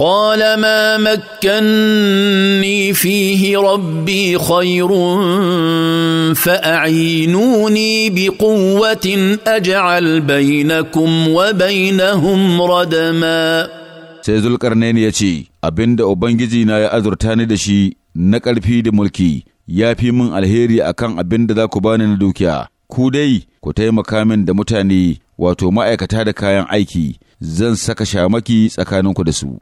قال ما مكني فيه ربي خير فاعينوني بقوه اجعل بينكم وبينهم ردما sai zulkarnain ya ce abinda ubangiji na ya azurta ni da shi na ƙarfi da mulki ya fi min alheri kan abin da za ku bani na dukiya ku dai ku taimaka min da mutane wato ma'aikata da kayan aiki zan saka shamaki tsakaninku da su